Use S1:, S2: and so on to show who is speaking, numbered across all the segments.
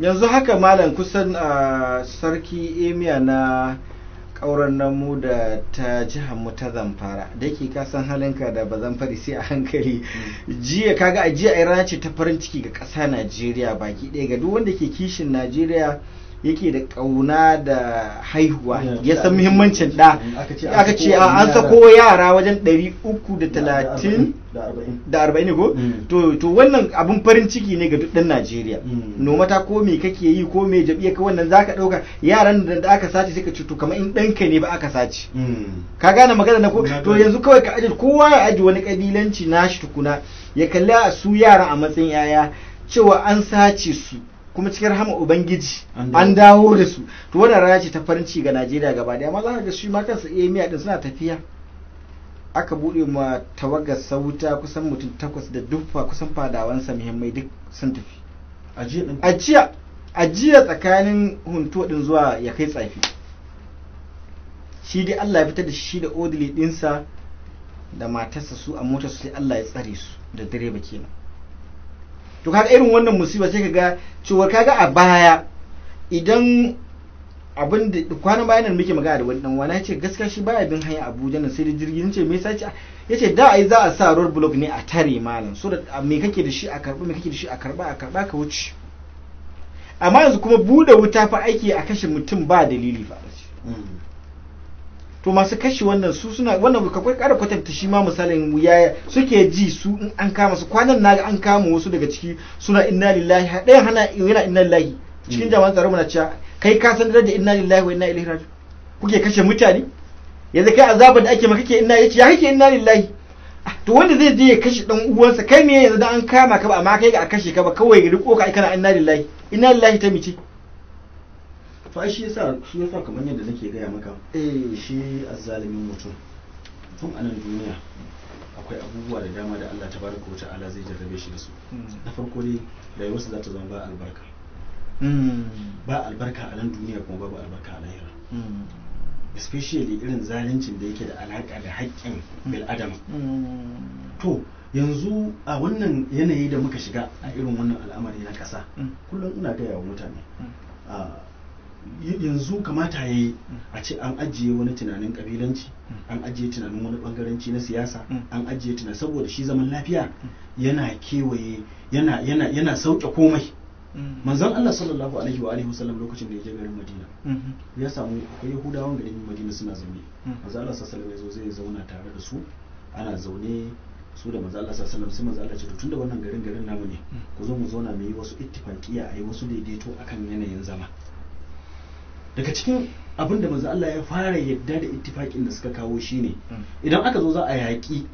S1: yanzu haka malam kusan a ah, sarki emiya na ƙauren namu da ta jihar mu ta zamfara da yake ka san halinka da ba zamfari sai a hankali mm. jiya kaga a jiya rana ce ta farin ciki ga ƙasa najeriya baki ɗaya ga duk wanda ke kishin najeriya yake da kauna da haihuwa ya san muhimmancin da aka ce an sako yara wajen 330 da 40 ko mm. to wannan abin farin ciki ne ga duk dan Najeriya mm. noma ta ko me kake yi ko me jabiya ka wannan zaka dauka yaran da aka sace suka cuto kamar in danka ne ba aka sace mm. ka gane magana na ko to yanzu kawai ka ajiye kowa ya ajiye wani kabilanci nashi tukuna ya kalli su yara a matsayin yaya cewa an sace su kuma cikin rahama ubangiji an dawo da su to wannan rana ce ta farin ciki ga Najeriya gaba daya amma za ka ga shi ma kansa miya din suna tafiya aka bude ma tawaga sauta kusan mutum takwas da dufa kusan fadawan sa muhimmai duk sun tafi ajiya ajiya tsakanin hunto din zuwa ya kai tsafi shi dai Allah ya fitar da shi da odili dinsa da matarsa su a motar su sai Allah ya tsare su da direba kenan to kaga irin wannan musiba sai kaga cewa kaga a baya idan abin da kwanan bayan nan muke magana da wani dan wani ce gaskiya shi baya bin hanya Abuja nan sai da jirgin ce me yasa yace da ai za a sa road block ne a tare malam so da ah, me kake da shi a karba me kake da shi a karba a karba ka wuce amma yanzu kuma bude wuta fa aiki a kashe mutum ba dalili fa mm. to masu kashe wannan su suna wannan ka kara kwatanta shi ma misalin yaya suke ji su in an kama su kwanan na an kama wasu daga ciki suna inna lillahi ɗayan hana yana inna lillahi cikin mm. jama'an tsaro muna cewa kai ka san da inna lillahi wa inna ilaihi raji kuke kashe mutane yanzu kai azabar da ake maka kake inna yace ya kake inna lillahi ah, to wanda zai je ya kashe dan uwansa kai me yanzu dan an kama ka ba amma kai ga a kashe ka ba kawai riko ka kana inna lillahi inna lillahi ta mice fa shi yasa shi yasa kamar yadda nake gaya maka eh shi azzalimin mutum tun a duniya akwai abubuwa da dama da Allah ta wata allah zai jarrabe shi da su hmm. na farko dai wasu za ta zama ba albarka hmm. ba albarka a nan duniya kuma ba albarka a lahira hmm. especially irin zaluncin da yake da alaka da haƙƙin adam to yanzu a wannan yanayi da muka shiga a irin wannan al'amari na ƙasa kullum ina gaya wa mutane ah, yanzu kamata ya yi a ce an ajiye wani tunanin kabilanci an ajiye tunanin wani bangaranci na siyasa an ajiye tunanin saboda shi zaman lafiya yana kewaye yana yana sauke komai manzon Allah sallallahu alaihi wa alihi wasallam lokacin da ya je garin Madina ya samu akwai Yahudawan garin Madina suna zaune manzon Allah sallallahu alaihi wasallam zai zauna tare da su ana zaune su da manzon Allah sallallahu alaihi wasallam sai manzon Allah ce tunda wannan garin garin namu ne ku zo mu zauna mu yi wasu ittifaqiya a yi wasu daidaito akan yanayin zama daga cikin abin da manzo Allah ya fara yadda da ittifakin da suka kawo shine hmm. idan aka zo za a yaƙi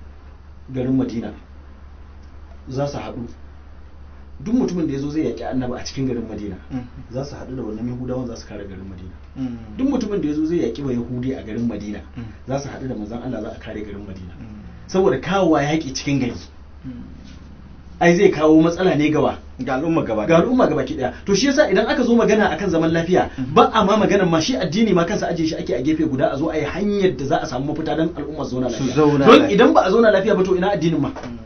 S1: garin Madina za su haɗu duk mutumin da ya zo zai yaƙi annaba a cikin garin madina hmm. za su haɗu da wannan yahudawan za su kare garin madina hmm. duk mutumin da ya zo zai yaƙi ba yahudi a garin madina za su haɗu da manzan allah za a kare garin madina saboda kawowa yaƙi cikin gari ai zai kawo matsala ne gaba. ga al'umma gaba ga al'umma gaba ki daya to shi yasa idan aka zo magana akan zaman lafiya mm-hmm. ba a ma maganar ma shi addini ma kansa aje shi ake a gefe guda a zo a yi hanyar da za a samu mafita don al'umma zauna lafiya don idan ba a zauna lafiya ba to ina addinin ma mm.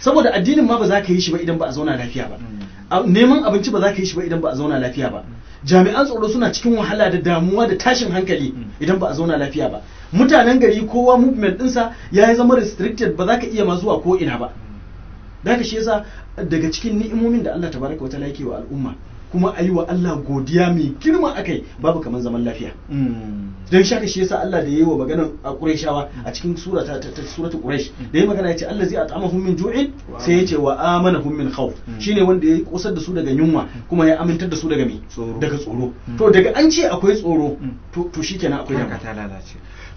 S1: saboda addinin ma ba za ka yi shi ba idan ba a zauna lafiya ba mm. neman abinci ba za ka yi shi ba idan ba a zauna lafiya ba mm. jami'an tsaro suna cikin wahala da damuwa da tashin hankali idan ba a zauna lafiya ba mutanen gari kowa movement ɗinsa ya yi zama restricted ba za ka iya ma zuwa ko ina ba daga shi yasa daga cikin ni'imomin da Allah tabaraka wata yake wa al'umma kuma a yi wa Allah godiya mai girma akai babu kamar zaman lafiya mm. don shaka shi yasa Allah da ya yi wa maganar a Qurayshawa a cikin surata ta suratul Quraysh mm. da ya magana yace Allah zai at'amahum min ju'in sai ce wa amanahum min khawf mm. shine wanda ya kusar da su daga yunwa kuma ya amintar da su daga me daga tsoro to daga an ce akwai tsoro to kenan akwai ta lalace